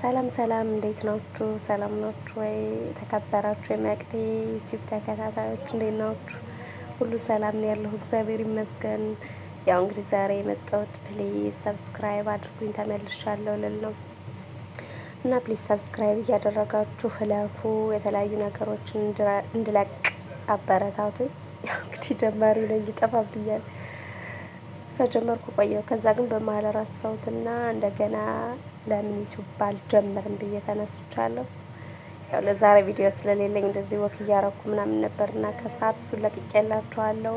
ሰላም ሰላም፣ እንዴት ናችሁ? ሰላም ናችሁ ወይ? ተከበራችሁ የመቅዲ ዩቲዩብ ተከታታዮች እንዴት ናችሁ? ሁሉ ሰላም ነው ያለሁ፣ እግዚአብሔር ይመስገን። ያው እንግዲህ ዛሬ የመጣሁት ፕሊዝ ሰብስክራይብ አድርጉኝ ተመልሻለሁ ልል ነው እና ፕሊዝ ሰብስክራይብ እያደረጋችሁ ህለፉ፣ የተለያዩ ነገሮችን እንድለቅ አበረታቱኝ። ያው እንግዲህ ጀማሪ ነኝ፣ ይጠፋብኛል ከጀመርኩ ቆየው። ከዛ ግን በመሀል ረሳሁትና እንደገና ለምን ዩቲዩብ አልጀምርም ብዬ ተነስቻለሁ። ያው ለዛሬ ቪዲዮ ስለሌለኝ እንደዚህ ወክ እያረኩ ምናምን ነበርና ከሰዓት እሱን ለቅቄላችኋለሁ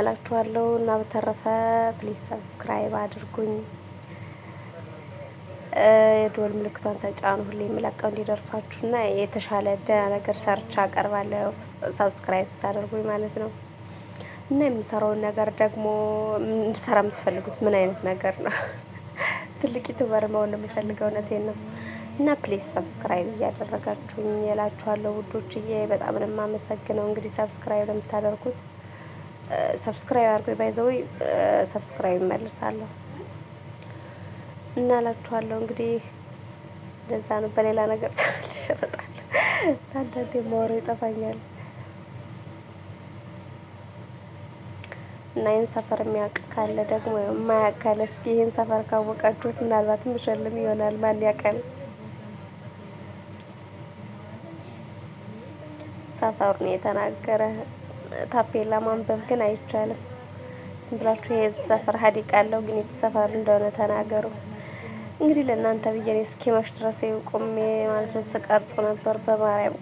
አላችኋለሁ። እና በተረፈ ፕሊዝ ሰብስክራይብ አድርጉኝ፣ የዶል ምልክቷን ተጫኑ፣ ሁሌ የምለቀው እንዲደርሷችሁና የተሻለ ደህና ነገር ሰርቻ አቀርባለሁ። ሰብስክራይብ ስታደርጉኝ ማለት ነው። እና የምሰራውን ነገር ደግሞ እንድሰራ የምትፈልጉት ምን አይነት ነገር ነው? ትልቅ ዩቱበር መሆን ነው የምፈልገው። እውነቴን ነው። እና ፕሊስ ሰብስክራይብ እያደረጋችሁኝ የላችኋለሁ ውዶችዬ፣ በጣም ነው የማመሰግነው። እንግዲህ ሰብስክራይብ ለምታደርጉት ሰብስክራይብ አድርጎ ባይዘው ሰብስክራይብ መልሳለሁ እና ላችኋለሁ። እንግዲህ እንደዛ ነው። በሌላ ነገር ተመልሼ እመጣለሁ። አንዳንዴ ማወራው ይጠፋኛል። እና ይህን ሰፈር የሚያውቅ ካለ ደግሞ የማያውቅ ካለ እስኪ ይህን ሰፈር ካወቃችሁት ምናልባት ምሸልም ይሆናል። ማን ያውቃል? ሰፈሩን የተናገረ ታፔላ ማንበብ ግን አይቻልም። ዝም ብላችሁ ይሄ ሰፈር ሀዲቅ አለው ግን ሰፈር እንደሆነ ተናገሩ። እንግዲህ ለእናንተ ብዬ እኔ እስኪመሽ ድረስ ይቁሜ ማለት ነው ስቀርጽ ነበር በማርያም